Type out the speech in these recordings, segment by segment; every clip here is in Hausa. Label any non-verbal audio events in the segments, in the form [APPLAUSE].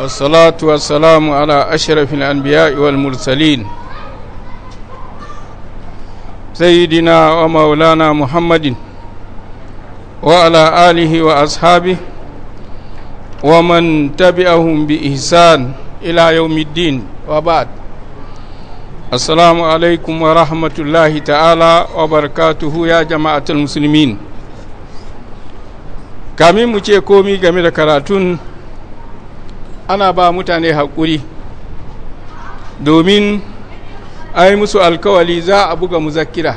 والصلاة والسلام على أشرف الأنبياء والمرسلين سيدنا ومولانا محمد وعلى آله وأصحابه ومن تبعهم بإحسان إلى يوم الدين وبعد السلام عليكم ورحمة الله تعالى وبركاته يا جماعة المسلمين kamin mu ce komi game da karatun ana ba mutane haƙuri domin a yi musu alkawali za a buga muzakira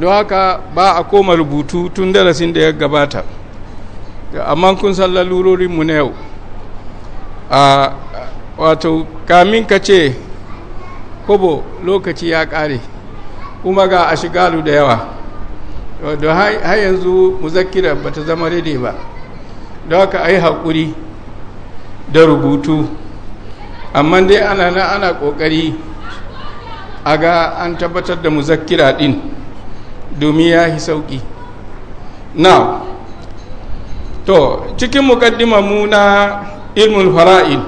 don haka ba a koma rubutu tun darasin da ya gabata amma kun san lalurorinmu na yau a wato kamin ka ce kobo lokaci ya ƙare kuma ga a shigalu da yawa don har yanzu muzakira ba ta zama daidai ba don haka a yi haƙuri da rubutu amma dai ana na ana ƙoƙari a ga an tabbatar da muzakkira din domin ya yi sauƙi na to cikin mukaddima mu na ilmul fara'il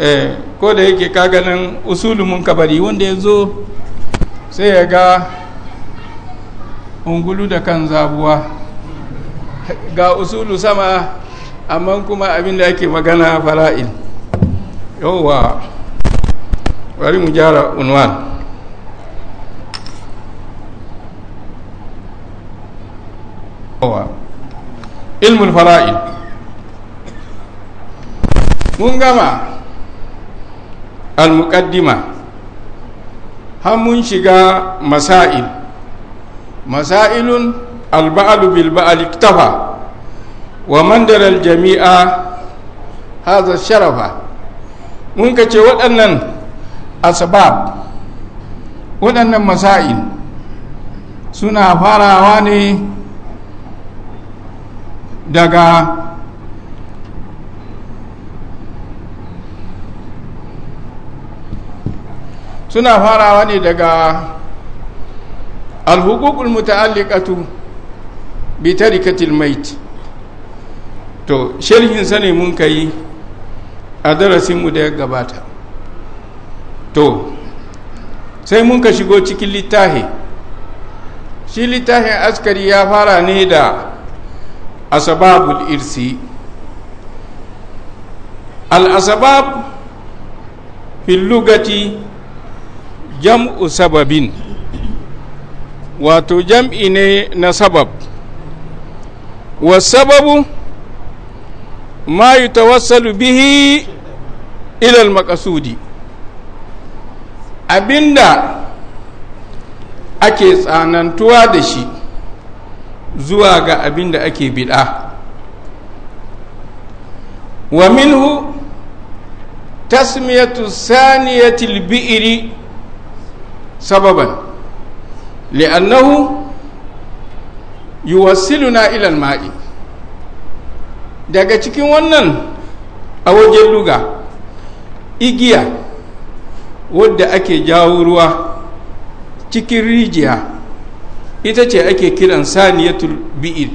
eh, ko da yake kaganan usulumin kabari wanda ya zo sai ya ga ungulu da kan zabuwa ga usulu sama amma kuma abin da ake magana fara'il yauwa bari mu gyara unwan ilmul fara'il mun gama al-muqaddima har mun shiga masail masailun al-ba'lu bil-ba'li iktafa wa mandarar jami'a haza sharafa mun ka ce waɗannan asabab, waɗannan masa'il suna farawa ne daga suna farawa ne daga alhukukul muta'alliqatu bi mait to sharhinsa ne mun ka yi a darasinmu da ya gabata to sai mun ka shigo cikin littafi shi littafin askari ya fara ne da asababul irsi al'asabab lugati jam'u sababin wato jam'i ne na sabab wa sababu ma tawassalu bihi ilal makasudi abinda ake tsanantuwa da shi zuwa ga abinda ake bid'a wa minhu tasmiyatu saniyatil bi'iri sababan li'annahu yuwassiluna ila al-ma'i daga cikin wannan a wajen luga igiya wadda ake jawo ruwa cikin rijiya ita ce ake kiran saniyatul bi'ir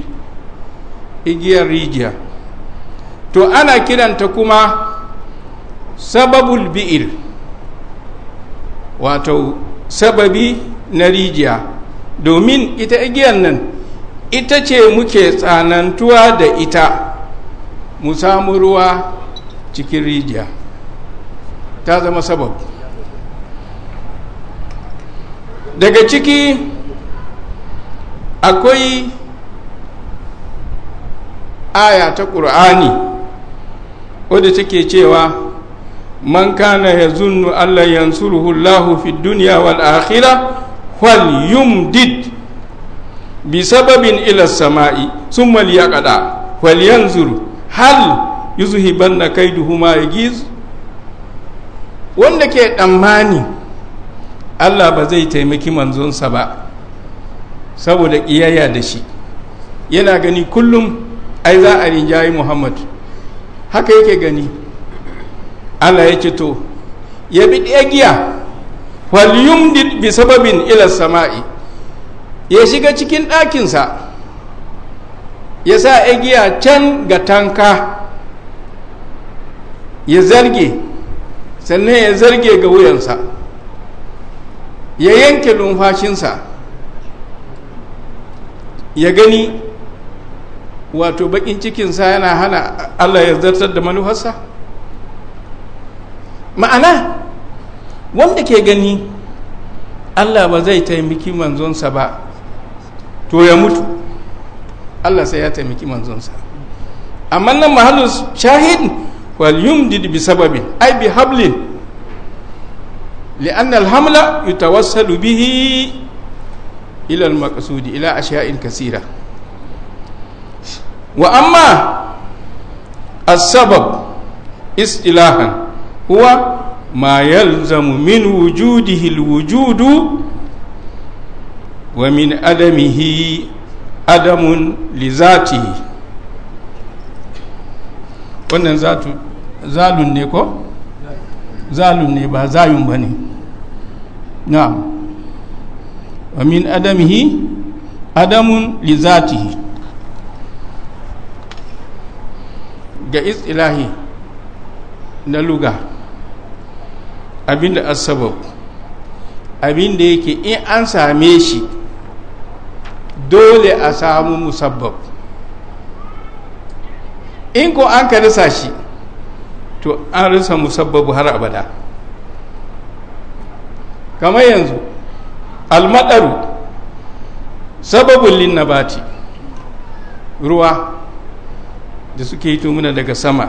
igiyar rijiya to ana kiranta kuma sababul bi'ir wato sababi na rijiya domin ita igiyar nan ita ce muke tsanantuwa da ita mu samu ruwa cikin rijiya ta zama sababu daga ciki akwai aya ta ƙur'ani wadda take cewa man kana ya zunnu Allah yansuruhu Allah fi duniya wal akhira wal yumdid bi sababin ila sama'i maliya kada wal yanzuru hal ban na kai duhuma ya gizu wanda ke tsammani allah ba zai taimaki manzonsa ba saboda ƙiyayya da shi yana gani kullum ai za a rinjayi muhammad haka yake gani allah ya to ya bi ɗaya giya falyumdid bi sababin ila sama'i ya shiga cikin ɗakinsa ya sa igiya can ga tanka ya zarge sannan ya zarge ga wuyansa ya yanke numfashinsa ya gani wato bakin cikinsa yana hana allah ya zartar da manufarsa ma'ana wanda ke gani allah ba zai taimaki manzonsa ba to ya mutu Allah sai ya taimaki manzonsa amma nan mahallu shahid wal yumdid bi sababin ai bi hablin li'anna al-hamla yutawassalu bihi ila al ila ashiya'in kasira wa amma as-sabab istilahan huwa ما يلزم من وجوده الوجود ومن عدمه adamun lizati wannan zalun ne ko? zalun ne ba zayun ba ne na min adamihi adamun lizatihi ga istilahi na luga abinda asabab abinda yake in an same shi dole a samu musabbab in ko an ka rasa shi to an rasa musabbabu har abada kamar yanzu almadaru sababin linnabati ruwa da suke yi muna daga sama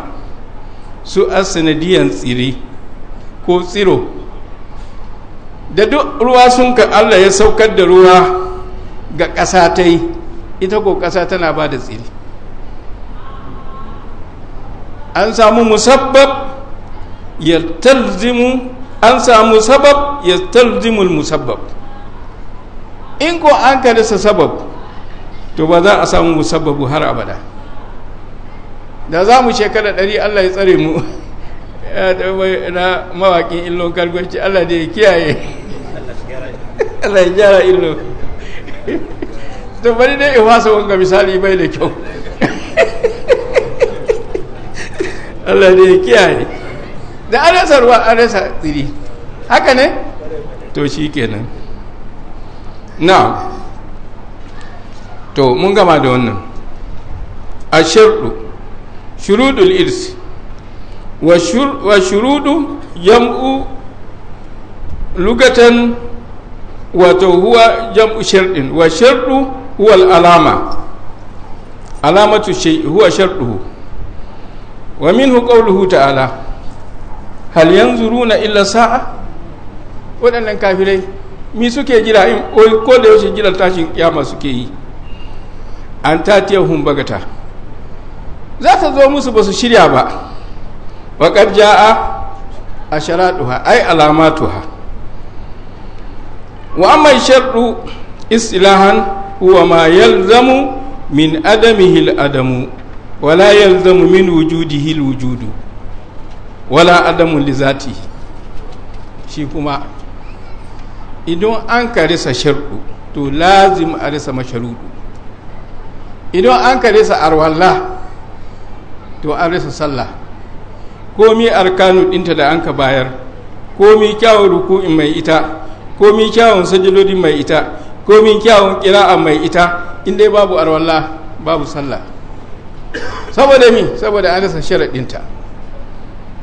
su asanadiyan tsiri ko tsiro da duk ruwa sun ka allah ya saukar da ruwa ga ƙasa ta yi ita ko ƙasa tana ba da tsiri an samu musabbab ya talzimu an samu sabab ya talzimul musabbab in ko an ka rasa sabab to ba za a samu musabbabu har abada da za mu shekara ɗari allah ya tsare mu [LAUGHS] na mawaƙin illon kargwarci allah da ya kiyaye [LAUGHS] allah ya gyara illon to bari dai in wasa wanga misali bai da kyau Allah ne ya kiyaye da an rasa ruwa an rasa tsiri haka ne to shi kenan na to mun gama da wannan a shirɗu shurudul irs wa shurudu yam'u lugatan wato huwa jam'u sharɗin wa sharɗu huwa alama alamatu shay huwa sharɗuhu wa minhu qawluhu ta'ala hal yanzuruna illa sa'a waɗannan kafirai mi suke jira in ko da yaushe jiran tashin kiyama suke yi an hun bagata za ta zo musu ba su shirya ba wa qad jaa ai ay alamatuha wa amma sharɗu istilahan huwa ma yalzamu min adamihi adamu wala yalzamu min wujudihi wujudu wala adamu li zatihi shi kuma idan an ka risa sharɗu to lazim a risa masharuɗu idan an ka risa arwallah to an risa sallah komi arkanu ɗinta da an ka bayar komi kyawun ruku'in mai ita komi kyawun sajilodi mai ita komi kyawun kira'a mai ita in dai babu arwallah babu sallah saboda mi saboda an rasa sharaɗinta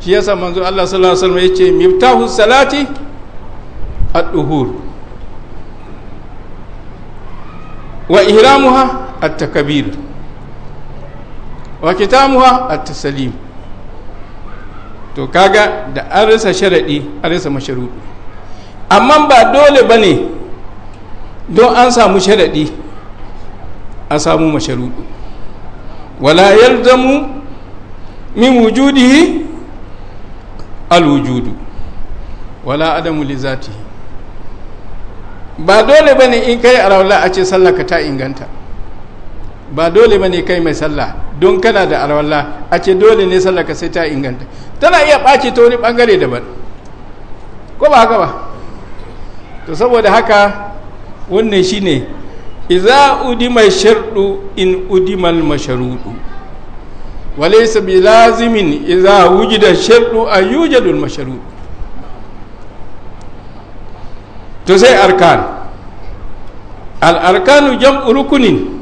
shi yasa manzo Allah sallallahu alaihi wasallam yace miftahu salati ad-duhur wa ihramuha at-takbir wa kitamuha at-taslim to kaga da an rasa sharadi an rasa mashruɗi amma ba dole ba ne don an samu sharaɗi a samu masharuɗu wala yalzamu min wujudihi alwujudu wala adamu li zatihi ba dole ba ne in kai alwala a ce sallah ka ta inganta ba dole ba ne kai mai sallah don kana da alwala a ce dole ne sallah ka sai ta inganta tana iya ɓaci ta wani ɓangare daban ko ba haka ba to saboda haka wannan shine iza udima shardu in udima al-mashrudu walaysa bi lazimin iza wujida shardu an yujadu al masharuɗu to sai arkan al-arkanu jam'u rukunin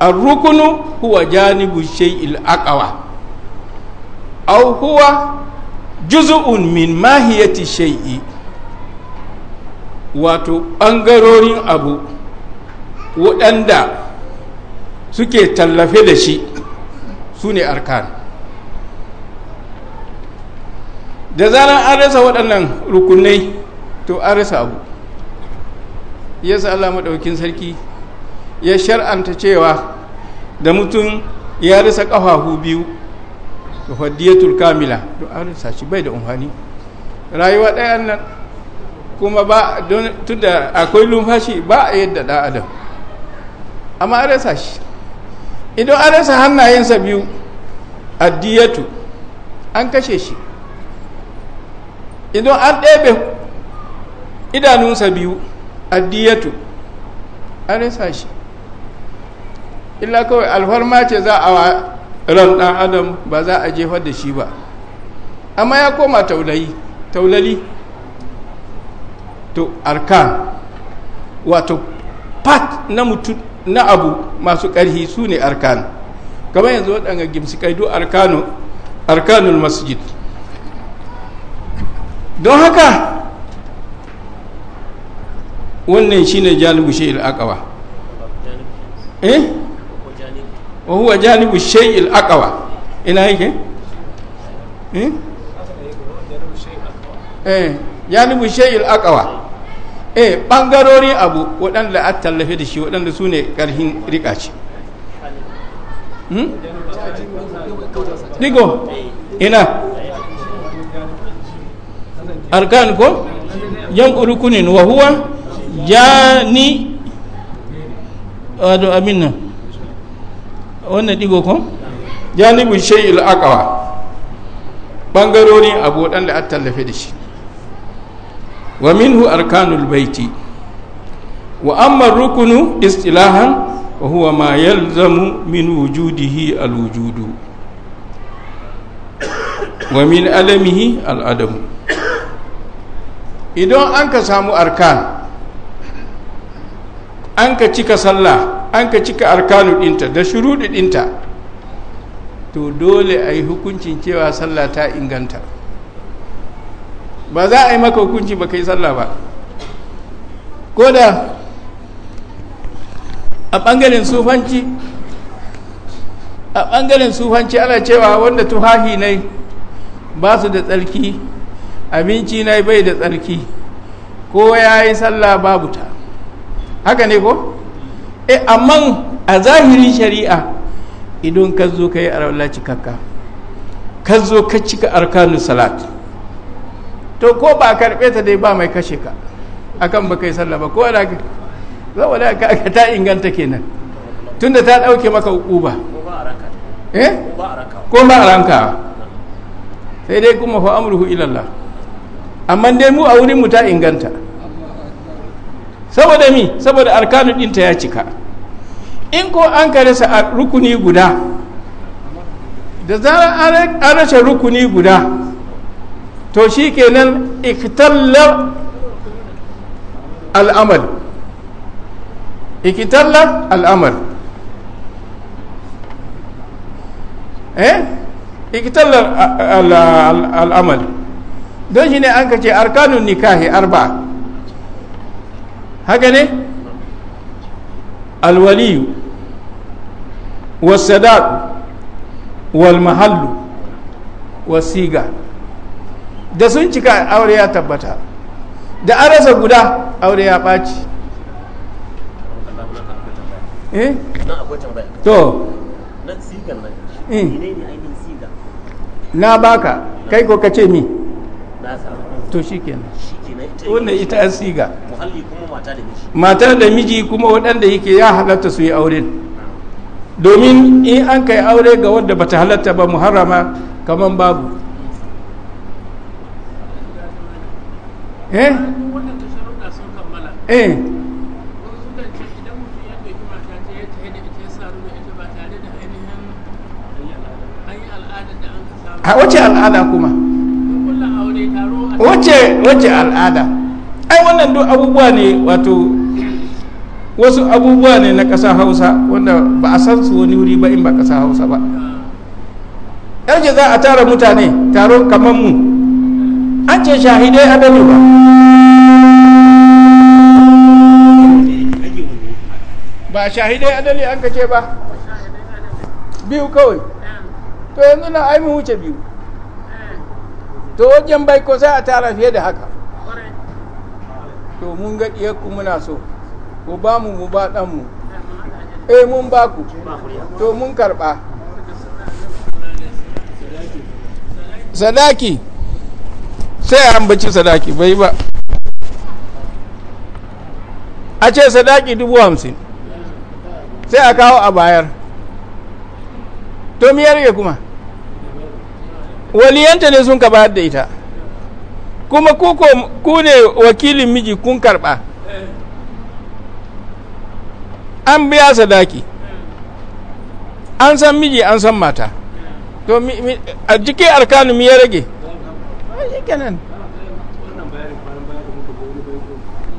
ar-rukunu huwa janibu shay'il aqwa au huwa juzu'un min mahiyati shay'i wato ɓangarorin abu waɗanda suke tallafe da shi su ne arkan da zanen an rasa waɗannan rukunai to an rasa abu ya sa Allah maɗaukin sarki ya shar'anta cewa da mutum ya rasa ƙafafu biyu da hadiyatul kamila to an rasa shi bai da umfani rayuwa ɗayan nan kuma ba tunda akwai lumfashi ba a yadda da adam amma a rasa shi idan a rasa hannayensa biyu addiyatu an kashe shi idan an ɗebe idanunsa biyu addiyatu a rasa shi illa kawai alfarma ce za a ran ɗan adam ba za a jefar da shi ba amma ya koma taulayi taulali to arkan wato pat na mutu na abu masu ƙarhi su ne arkan kama yanzu waɗanga gimsikai kaido arkanu arkanul masjid don haka wannan shine janibu shay'il akawa eh wa huwa janibu shay'il aqwa ina yake eh, eh? ya nubu shayil akawa eh bangarori abu waɗanda a tallafe da shi waɗanda su ne ƙarfin riƙa ce hmm? digo ina arkan ko yan rukunin wa huwa jani wato amina nan wannan digo ko janibin shayil akawa bangarori abu waɗanda a tallafe da shi wa minhu arkanul baiti wa amma rukunu istilahan wa huwa ma yalzamu min wujudihi alwujudu wa min alamihi al'adamu idan an ka samu arkan an ka cika sallah an ka cika arkanu dinta da shuruɗi dinta to dole a yi hukuncin cewa sallah ta inganta ba za a yi maka hukunci ba ka yi sallah ba ko da a ɓangaren sufanci a ɓangaren sufanci ana cewa wanda tuhahi ne ba su da tsarki abinci na bai da tsarki ko ya yi sallah babu ta haka ne ko? e amma a zahirin shari'a idan ka zo ka yi arawar cikakka ka zo ka cika arkanu salat to ko ba a karɓe ta dai ba mai kashe ka akan ba kai sallah ba ko da ka saboda ka aka ta inganta kenan tunda ta ɗauke maka uba eh ko ba a ranka sai dai kuma fa amruhu ilallah amma dai mu a wurin mu ta inganta saboda mi saboda arkanu ɗinta ya cika in ko an ka rasa rukuni guda da zarar an rasa rukuni guda to shi kenan iktallar al'amal ikitallar al'amal eh ikitallar al'amal don shi ne an ka ce arkanun nikahi arba haka ne alwaliyu wasadaq wal mahallu wasiga da sun cika aure ya tabbata da an rasa guda aure ya ɓaci eh? eh. na baka kai ko ka ce mi to shi kenan wannan ita an siga matar da miji kuma waɗanda yake ya halatta su yi aure domin in an kai aure ga wadda bata halatta ba muharrama kamar babu eh eh a wace al'ada kuma wace wace al'ada ai wannan duk abubuwa ne wato wasu abubuwa ne na ƙasa hausa wanda ba a san su wani wuri ba in ba ƙasa hausa ba yanzu za a tara mutane taro kamar mu an ce shahidai a gani ba ba shahidai adali an kace ba biyu kawai to yanzu na aimi wuce biyu to wajen bai ko sai a tara fiye da haka to mun ga ku muna so ku ba mu mu ba ɗanmu mu eh mun ba ku to mun karɓa. sadaki sai a ambaci sadaki bai ba a ce sadaki dubu hamsin sai a kawo a bayar to miyar ya kuma waliyanta ne sun ka bayar da ita kuma ku ne wakilin miji kun karba an biya sadaki an san miji an san mata to a cikin alkanu miya rage kenan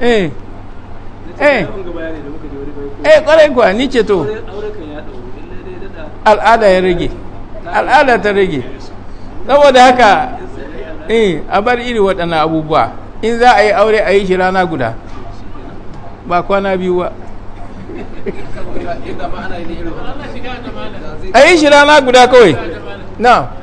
eh eh eh kwarai kuwa ni ce to al'ada ya rage al'ada ta rage saboda haka eh a bar iri waɗannan abubuwa in za a yi aure a yi shi rana guda ba kwana biyu ba a yi shi rana guda kawai na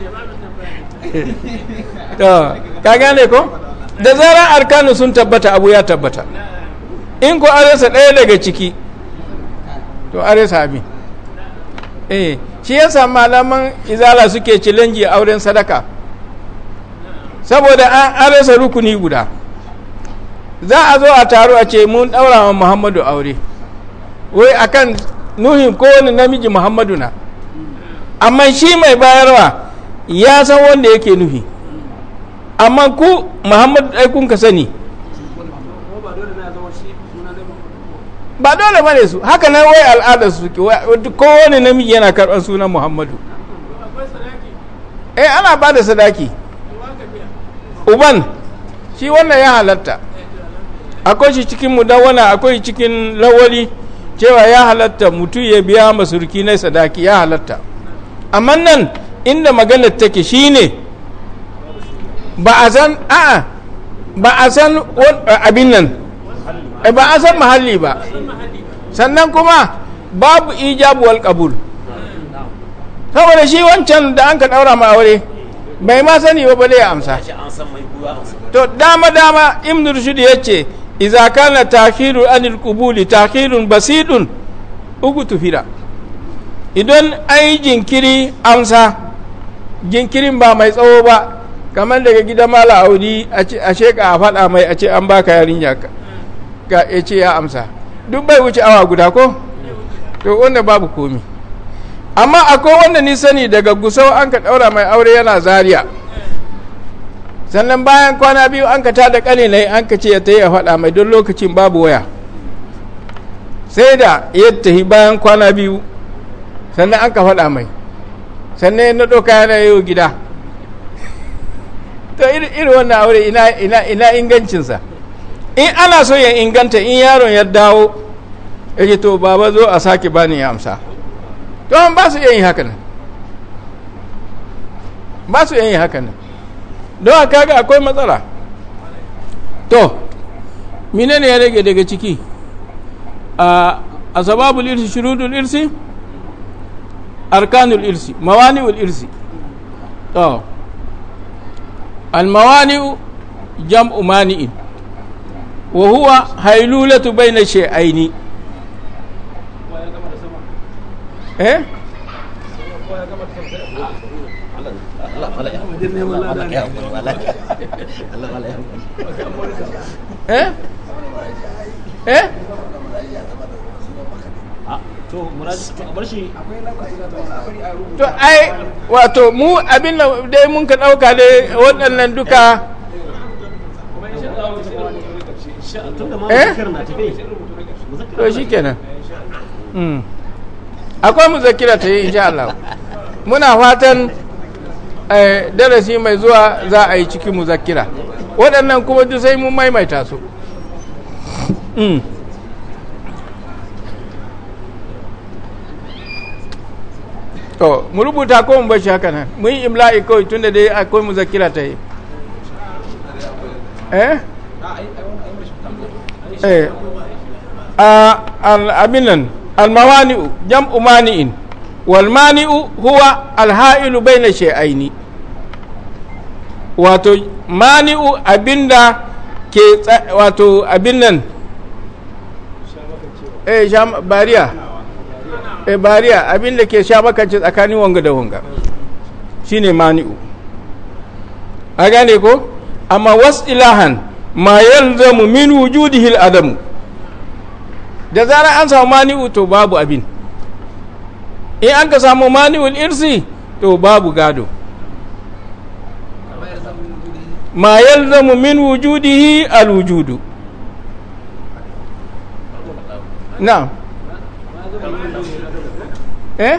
[LAUGHS] ka gane ko da zarar arkanu sun tabbata abu ya tabbata in ko aresa ɗaya daga ciki to aresa rasa abin eh shi yasa malaman izala suke cilangi auren sadaka saboda an rasa rukuni guda za a zo a taro a ce mun daura wa muhammadu aure wai akan nuhin kowane namiji muhammadu na amma shi mai bayarwa ya san wanda yake nufi amma ku muhammadu ɗai kun ka sani ba dole ba ne su haka nan wai al'adar su kowane namiji yana karɓar sunan muhammadu eh ana ba da sadaki uban shi wannan ya halatta akwai shi cikin mudawana akwai cikin lawali cewa ya halatta mutum ya biya masurki na sadaki ya halatta amma nan inda maganar take ne ba a san a'a ba a san abin nan eh, ba a san mahalli ba sannan kuma babu ijabu wal kabul saboda shi wancan da an ka daura ma aure bai ma sani ba bale ya amsa to dama dama ibn rushd yace idza kana ta'khiru anil qubul ta'khirun basidun ugu fira idan ai jinkiri amsa jinkirin ba mai tsawo ba kamar daga gidan mala audi a sheka a faɗa mai a ce an baka yarinya ga ya ce ya amsa duk bai wuce awa guda ko to wanda babu komi amma akwai wanda ni sani daga gusau an ka ɗaura mai aure yana zariya sannan bayan kwana biyu an ka tada kalinai an ka ce ya ta yi a faɗa mai don lokacin babu waya sai da ya tafi bayan kwana biyu sannan an ka faɗa mai sannan na ɗauka yana yau gida to irin wannan aure ina ingancinsa in ana so ya inganta in yaron ya dawo ya ce to baba zo a sake bani ya amsa to an ba su iya yin haka nan ba su iya yin haka nan don a kaga akwai matsala to mine ne ya rage daga ciki a sababu irsi shurudul irsi arkanul irsi mawani'ul irsi hailulatu baina to ai wato mu abin da dai mun ka ɗauka dai waɗannan duka eh? to shi kenan hmm. akwai zakira ta yi insha Allah muna fatan eh, darasi mai zuwa za a yi cikin mu zakira waɗannan kuma duk sai mun maimaita su hmm. to mu rubuta ko mu bashi haka nan mu yi imla'i kawai tun da dai akwai zakira ta yi eh, eh. abin nan almawani'u jam'u mani'in walmani'u huwa alha'ilu bai na sha'aini wato mani'u abinda ke wato abin nan eh bariya Eh, bariya abin da ke sha makanci tsakanin wanga da wanga shine mani'u a gane ko amma was ilahan ma yalzamu min wujudihi al-adam da zarar an samu mani'u to babu abin in an ka samu mani'ul irsi to babu gado ma yalzamu min wujudihi al-wujudu na'am eh,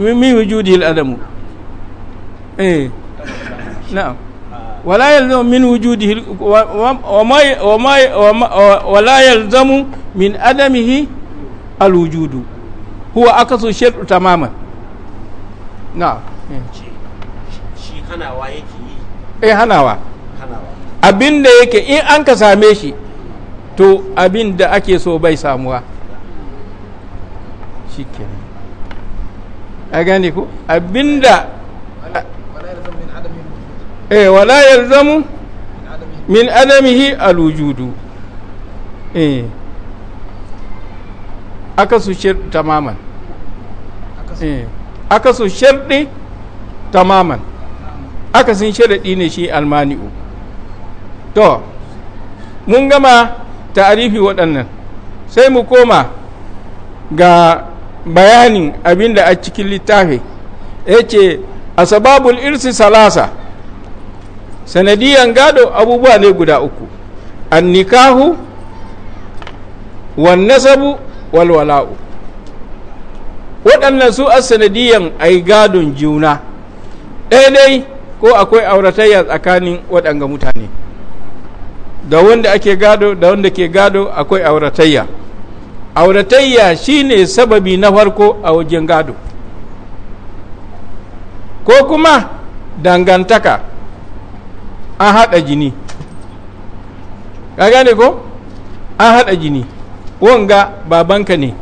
eh. min wujudi al'adamu eh na'am min wujudihi wala yalzamu min adamihi alwujudu huwa akasu shirku tamaman na'am eh. shi hanawa eh, abinda yake in an ka same shi to abinda da ake so bai samuwa shi kenan a gane ku abinda eh wala yalzamu min adamihi alwujudu eh aka su shir tamaman eh aka su shirɗi tamaman aka sun shirɗi ne shi almani'u to mun gama ta'arifi waɗannan sai mu koma ga bayanin abin da a cikin littafi ya ce a sababul irsi salasa sanadiyan gado abubuwa ne guda uku an nikahu nasabu walwala'u. waɗannan su a sanadiyan ai gadon juna daidai ko akwai auratayya tsakanin waɗanga mutane da wanda ake gado da wanda ke gado akwai auratayya auratayya shine sababi na farko a wajen gado ko kuma dangantaka an haɗa jini ka gane ko an haɗa jini wanga babanka ne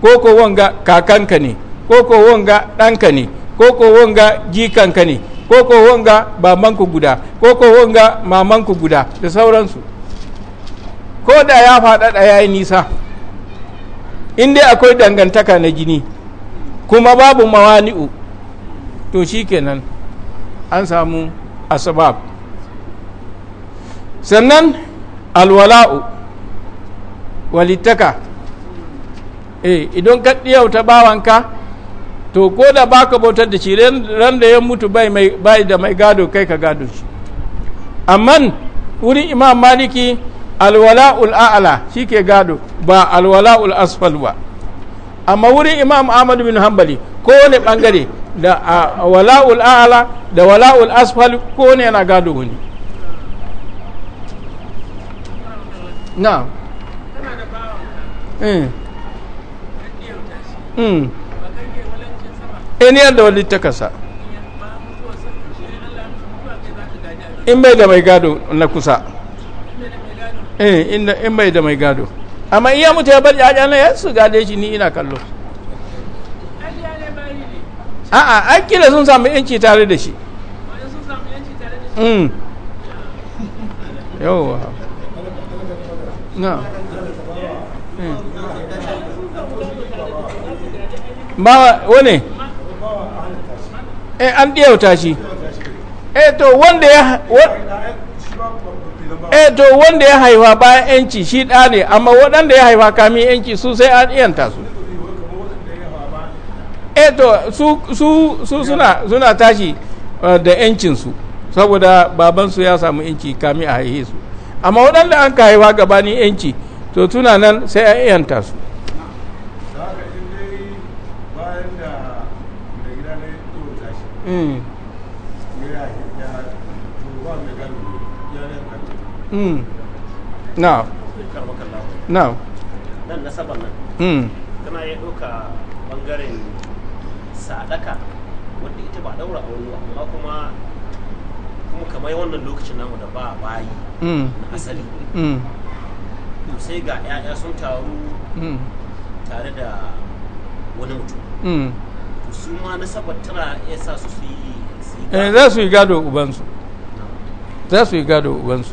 ko ko wanga kakanka ne ko ko wanga ɗanka ne ko ko wanga jikanka ne ko ko wanga babanku guda ko ko wanga mamanku guda da sauransu ko da ya faɗaɗa ya yi nisa in dai akwai dangantaka na jini kuma babu mawani'u to shikenan an samu asbab sannan alwala'u walittaka eh idan ka ɗiyauta bawanka to ko da baka bautar da shi ran da ya mutu bai da mai gado kai ka gado shi amma wurin imam maliki alwala'ul a'la shike gado ba alwala'ul asfal ba amma wurin imam ahmad bin hanbali kowane bangare da wala'ul a'la da wala'ul asfal kowane yana gado wani na eniyar eh. hmm. eh, da wani ta in bai da mai gado na kusa Eh, in bai da mai gado amma iya mutu ya bar ƴaƴan na su gade shi ni ina kallo a'a an kila sun samu yanci tare da shi mm na hmm. ba wane eh an ɗiyauta shi eh to wanda ya e to wanda ya haifa bayan yanci shi ɗa ne amma waɗanda ya haifa kamin yanci su sai an iyanta su e to su suna suna tashi eh, da yancinsu saboda babansu ya samu yanci kamin a haihe su amma waɗanda an ka haifa gabanin yanci to tuna nan sai an iyanta su Mm. Mm. na na nan nasabar mm. nan tana ya ɗauka bangaren sadaka wadda ita ba daura a wani amma kuma kuma kamar wannan lokacin namu da ba bayi mm. na asali to sai ga sun taru tare da wani mutum su ma tana sa su yi eh, za su yi gado ubansu za su yi gado ubansu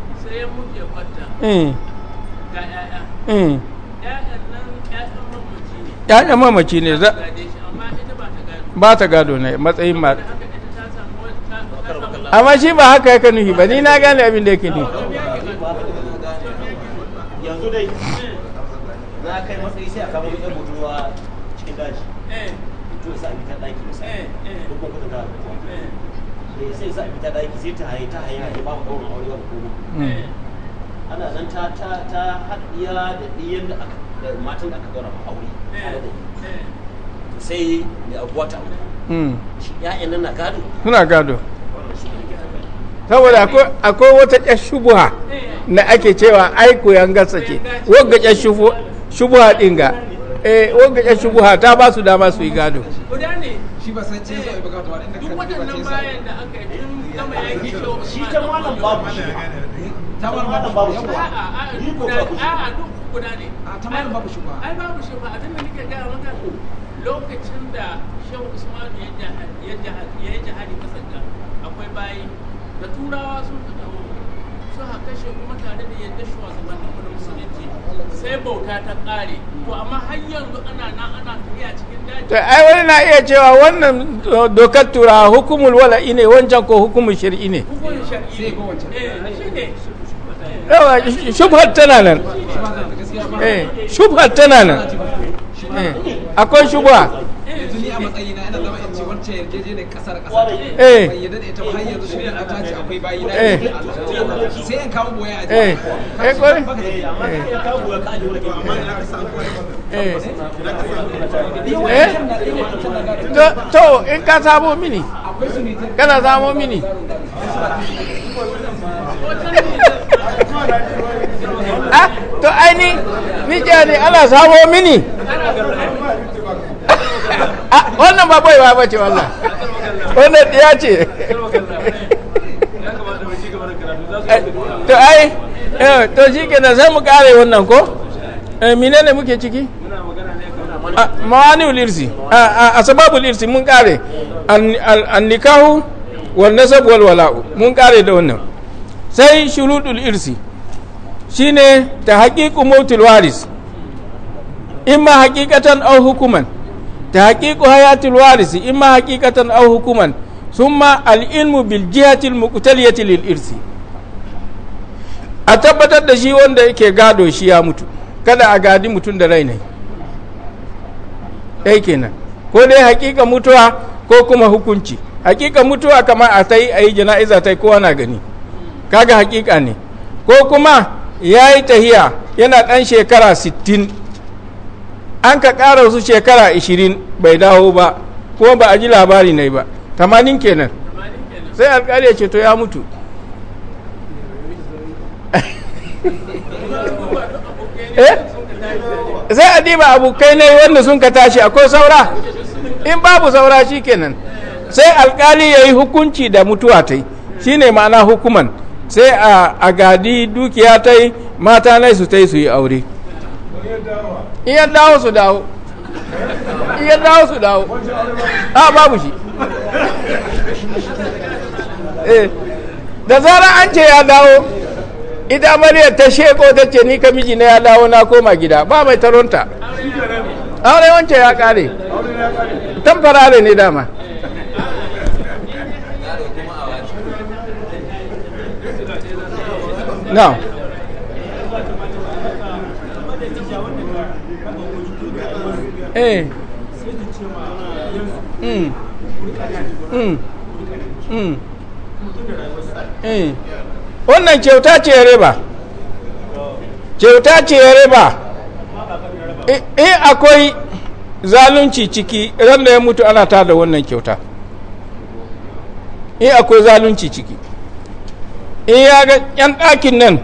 sai muke 'ya'yan eh. eh. mamaci ne za ba ta gado ne matsayin ma amma shi ba haka yake nuhi ba ni na gane abin da yake ne yanzu sai sa sai ta ta ba mu aure ba eh. ana nan ta ta ta haɗiya da ɗiyan da aka da matan aka ma aure eh, eh. sai mai abuwa ta aure hmm. shi nan na gado gado saboda akwai wata ƙyar na ake cewa aiko yan gasa ce wagga ƙyar ɗin ga wagga ta ba su dama su yi gado shi ba sai ce so ibuka to da aka yi tun eh, yaki shi ta malam babu shi ta malam babu shi ni ko duk ne ta malam babu shi ba ai babu shi ba abin da nake gaya maka lokacin da shehu usman ya jihadi ya jihadi masaka akwai bayi da turawa sun suka kashe kuma tare da yadda shugabannin mu musulunci sai bauta ta kare to amma har yanzu ana nan ana tafiya cikin daji to ai wani na iya cewa wannan dokar tura hukumul wala ne wancan ko hukumul shar'i ne hukumul shar'i ne shine eh, shubhar tana nan eh shubhar tana nan eh, akwai shubha eh, yanzu ni a matsayina ina wacce yarjejeniyar eh. da ita akwai bayi na eh. sai in kawo boye a eh. jiya eh amma kawo ka ajiye wani amma ka samu to in ka samo mini kana samo mini [LAUGHS] ah to aini ni ne ana samo mini Ah, wannan ba baiwa ba ce wallah wannan ya ce to ai eh, to shi ke nan mu kare wannan ko eh, mine ne muke ciki ah, mawani ulirsi a ah, sababu ulirsi mun kare an nikahu wal nasab wal wala'u mun kare da wannan sai shurudul irsi shine ta haƙiƙu mautul waris imma haƙiƙatan au hukuman tahqiqu hayatil warisi ma haqiqatan au hukuman sun ma al'imu bil jihati al irsi a tabbatar da shi wanda yake gado shi ya mutu kada a gadi mutum da rai ne ɗai kenan ko dai hakika mutuwa ko kuma hukunci hakika mutuwa kamar a ta yi a yi jana'iza ta kowa na gani kaga hakika ne ko kuma ya yi tahiya yana ɗan shekara sittin an ka ƙara su shekara 20 bai dawo ba kuma ba a ji labari ne ba tamanin kenan sai alƙali ya ce to ya mutu [LAUGHS] eh? sai a diba abokai ne wanda sun ka tashi akwai saura in babu saura shi kenan sai alkali ya yi hukunci da mutuwa ta yi shi ne ma'ana hukuman sai a gadi dukiya ta yi mata nai su ta yi su yi aure in dawo su dawo in dawo su dawo a ah, babu shi eh, da zara an ce ya dawo ita amarya ta sheko ta ce ni ka miji na ya dawo na koma gida ba mai taronta aure wance ya kare farare ne dama now eh mm mm mm wannan kyauta ce riba kyauta ce riba in akwai zalunci ciki ran da ya mutu ana ta da wannan kyauta in akwai zalunci ciki in ya ga 'yan ɗakin nan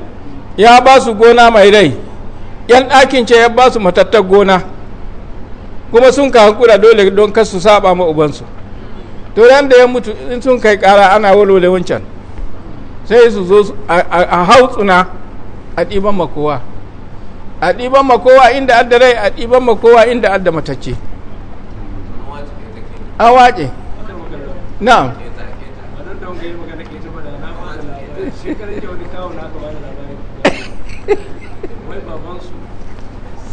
ya ba su gona mai rai 'yan ɗakin ce ya ba su matattar gona kuma sun ka hakura dole don kar su saba ma ubansu to ran da ya mutu in sun kai kara ana walwale wancan sai su zo a hautsuna a ɗiban makowa a ɗiban makowa inda adda rai a ɗiban makowa inda adda matacce a waƙe na'am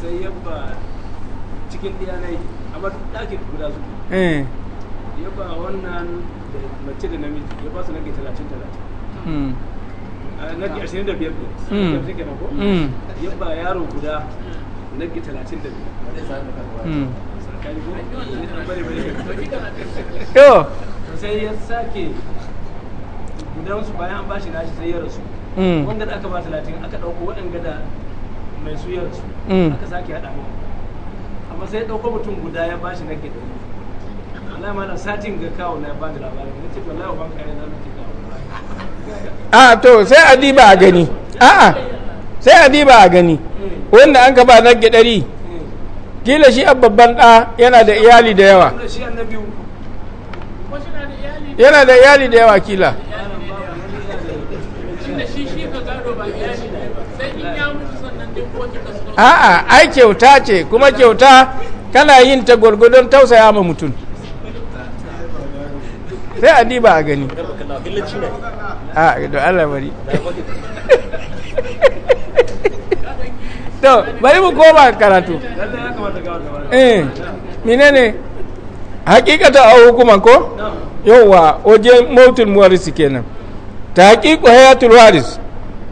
sai yabba cikin ɗaya na yi amma ɗakin guda su eh ya ba wannan da mace da namiji ya ba su nage talatin talatin hmm. nage ashirin da biyar hmm. biyar da kenan ko hmm. ya ba yaro guda nage talatin da biyar [LAUGHS] Yo. sai ya sake gudansu bayan an bashi nashi sai ya rasu wanda da aka ba talatin aka ɗauko waɗanda da mai su ya rasu aka sake haɗa mu amma sai ɗauko mutum guda ya ba shi nake ɗari ma na satin ga kawo na ba da labari na ce wallahi ban kare na nake kawo a to sai a diba a gani a'a sai a diba a gani eh. wanda an ka ba nake ɗari eh. kila shi babban ɗa yana da iyali da yawa yana da iyali da yawa kila a'a ai kyauta ce kuma kyauta kana yin ta gwargwadon tausaya ma mutum sai a diba a gani a da Allah bari to bari mu koma karatu eh menene hakikata a hukuman ko yauwa wajen mautul muwaris kenan ta hakiku hayatul waris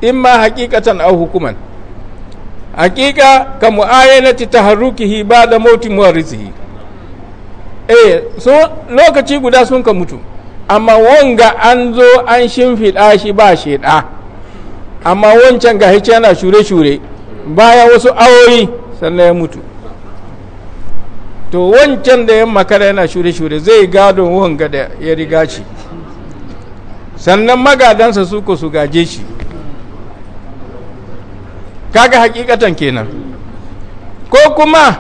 imma hakikatan a hukuman hakika ka mu'ayanati taharrukihi ba'da mauti muwarisihi eh so lokaci guda sun ka mutu amma wanga an zo an shimfiɗa shi ba ɗa amma wancan ga hice yana shure-shure bayan wasu awoyi sannan ya mutu to wancan da ya makara yana shure-shure zai gado wanga da ya riga shi sannan magadansa su ko su gaje shi kaga hakikatan kenan ko kuma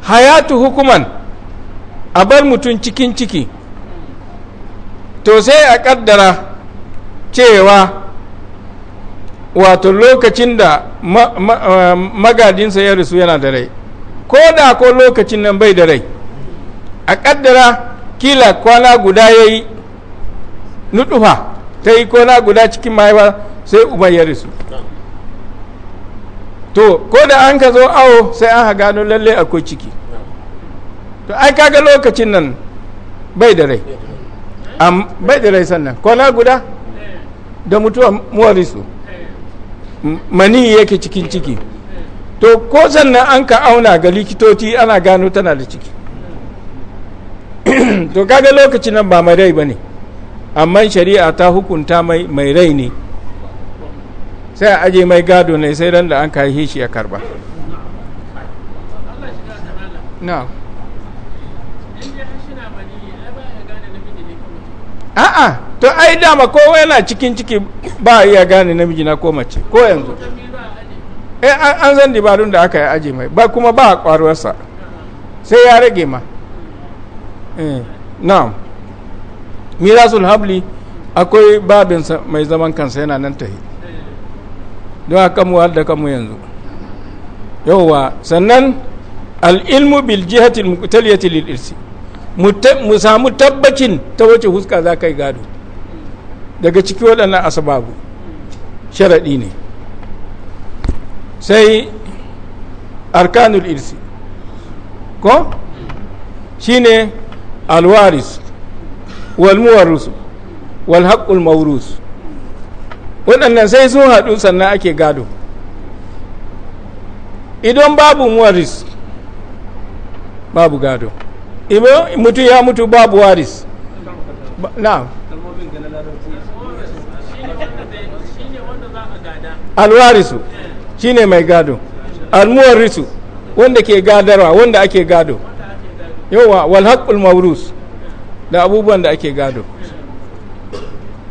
hayatu hukuman a bar mutum cikin ciki to sai a kaddara cewa wato lokacin da eh, magadinsa ya rusu yana da rai ko da ko lokacin nan bai da rai a kaddara kila kwana guda ya yi nutufa ta yi kwana guda cikin mahaifa sai uban ya rusu. to ko da an ka zo awo sai an gano lalle akwai ciki to ai kaga lokacin nan bai da rai bai da rai sannan kwana guda da mutuwa muwarisu mani yake cikin ciki to ko sannan an ka auna ga likitoci ana gano tana da ciki to kaga lokacin nan ba mai rai ba ne amma shari'a ta hukunta mai rai ne sai a aje mai gado ne sai ran da an kai shi ya karba a'a to ai dama ko yana cikin ciki ba iya gane namiji na ko mace ko yanzu eh, an zan dibarun da aka yi aje mai ba kuma ba kwaruwarsa sai ya rage ma eh, na mirasul habli akwai babinsa mai zaman kansa yana nan tahi don a mu da mu yanzu yauwa sannan al'ilmu bil jihatil muqtaliyati lil irsi mu samu tabbacin ta wace huska za ka yi gado daga ciki waɗannan asababu sharaɗi ne sai arkanul irsi ko shine alwaris wal walhaƙul wal waɗannan sai sun haɗu sannan ake gado idan babu waris babu gado idan mutu ya mutu babu waris na alwarisu shine mai gado almuwarisu wanda ke gadarwa wanda ake gado yawa walhaƙul maurus da abubuwan da ake gado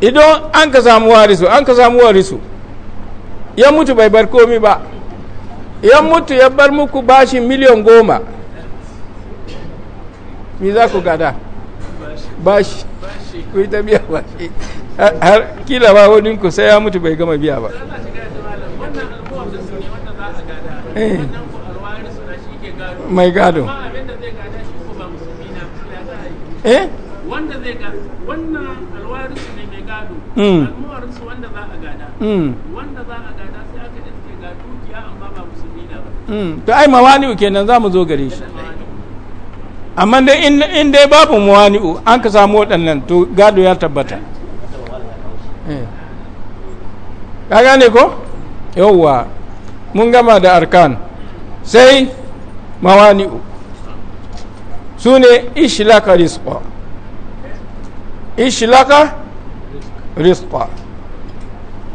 idan an ka samu warisu an ka samu warisu ya mutu bai bar komi ba ya mutu ya bar muku bashi miliyan goma mi za ku gada bashi ku yi ta biya bashi har kila ba ku sai ya mutu bai gama biya ba eh. mai gado eh wanda zai ga wannan Mm. al'ummar su wanda za a gada mm. wanda za a gada sai aka ga dukiya amma ba musulmi ba mm. to ai mawani'u kenan za mu zo gare shi amma dai in dai babu mawani'u an ka samu waɗannan to gado ya tabbata eh. ka gane ko yawwa mun gama da arkan sai mawani'u su ne ishilaka rizqa ishilaka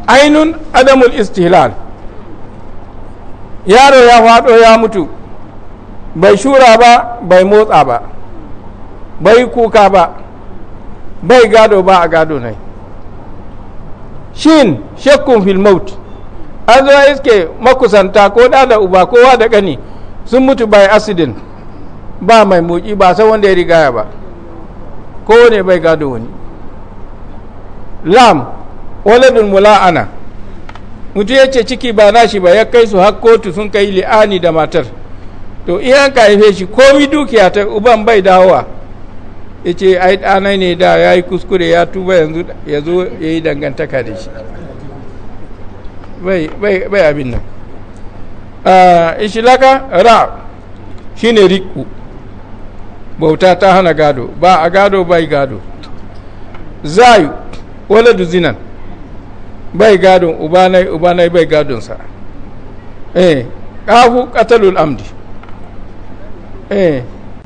ainun adamul istihlal yaro ya faɗo ya mutu bai shura ba bai motsa ba bai kuka ba bai gado ba a gado ne shin shakkun fil an zo iske makusanta ko da da uba kowa da gani sun mutu bai asidin ba mai moki ba sai wanda ya rigaya ba kowane bai gado wani lam waladun mula'ana mutu ya ce ciki ba nashi ba ya kai su har kotu sun kai li'ani da matar to iyan ka haife shi komi dukiya ta uban bai dawowa ya ce ai ɗanai ne da ya yi kuskure ya tuba yanzu ya zo ya yi dangantaka da shi bai abin nan ishilaka ra shi ne riku bauta ta hana gado ba a gado bai gado zayu waladu zinan bai gadon ubanai ubanai bai gadonsa eh kafu ƙatalul amdi eh